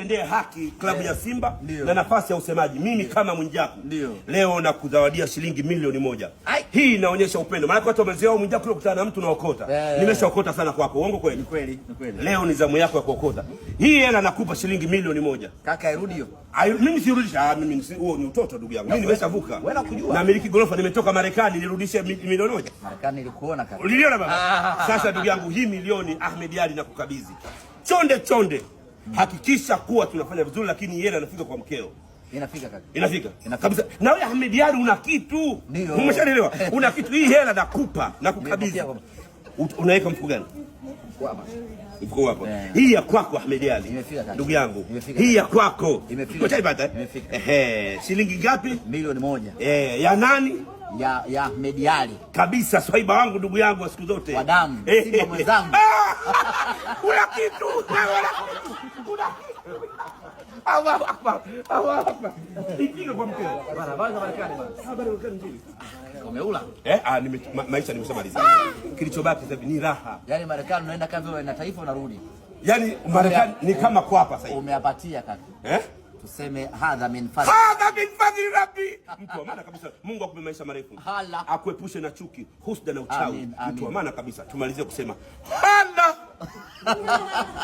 uitendee haki klabu ya eh, Simba Ndio. na nafasi ya usemaji. Mimi kama Mwijaku leo nakuzawadia shilingi milioni moja. Ai. Hii inaonyesha upendo, maana watu wamezoea Mwijaku leo kutana na mtu naokota, eh, eh. nimeshaokota sana kwako. Uongo kweli? Kweli, kweli. Leo ni zamu yako ya kuokota. Hii hela nakupa shilingi milioni moja. Kaka irudi hiyo. Mimi sirudisha. Ah, mimi huo ni utoto ndugu yangu. Mimi nimeshavuka. Wewe kujua, na miliki gorofa nimetoka Marekani nirudishe milioni moja. Marekani ilikuona kaka. Uliona baba? Sasa ndugu yangu hii milioni Ahmed Ali nakukabidhi. Chonde chonde. Mm. hakikisha kuwa tunafanya vizuri, lakini yeye anafika kwa mkeo inafika kaka, inafika kabisa. Na wewe Ahmed Yari una kitu, umeshaelewa? Una kitu. Hii hela nakupa na kukabidhi, unaweka mfuko gani? Mfuko wako. Eh. Hii ya kwako Ahmed Yari, ndugu yangu, hii ya kwako utaipata. Ehe, shilingi ngapi? Milioni moja. Eh, ya nani? Ya ya Ahmed Yari kabisa, swaiba wangu, ndugu yangu wa siku zote, wa damu, eh. Simba mwenzangu. Ah! Una kitu, una kitu Allahu Akbar. Allahu Akbar. Ipige kwa mkeo. Bana bana Marekani bana. Habari Marekani nzuri. Umeula? Eh, ah nime maisha nimeshamaliza. Kilichobaki sasa ni raha. Yaani Marekani unaenda kama na taifa unarudi. Yaani Marekani ni kama kwapa sasa hivi. kaka. Eh? Tuseme hadha min fadli. Hadha min fadli rabbi. Mtu wa maana kabisa. Mungu akupe maisha marefu. Hala. Akuepushe na chuki, husda na uchawi. Mtu wa maana kabisa. Tumalizie kusema hala.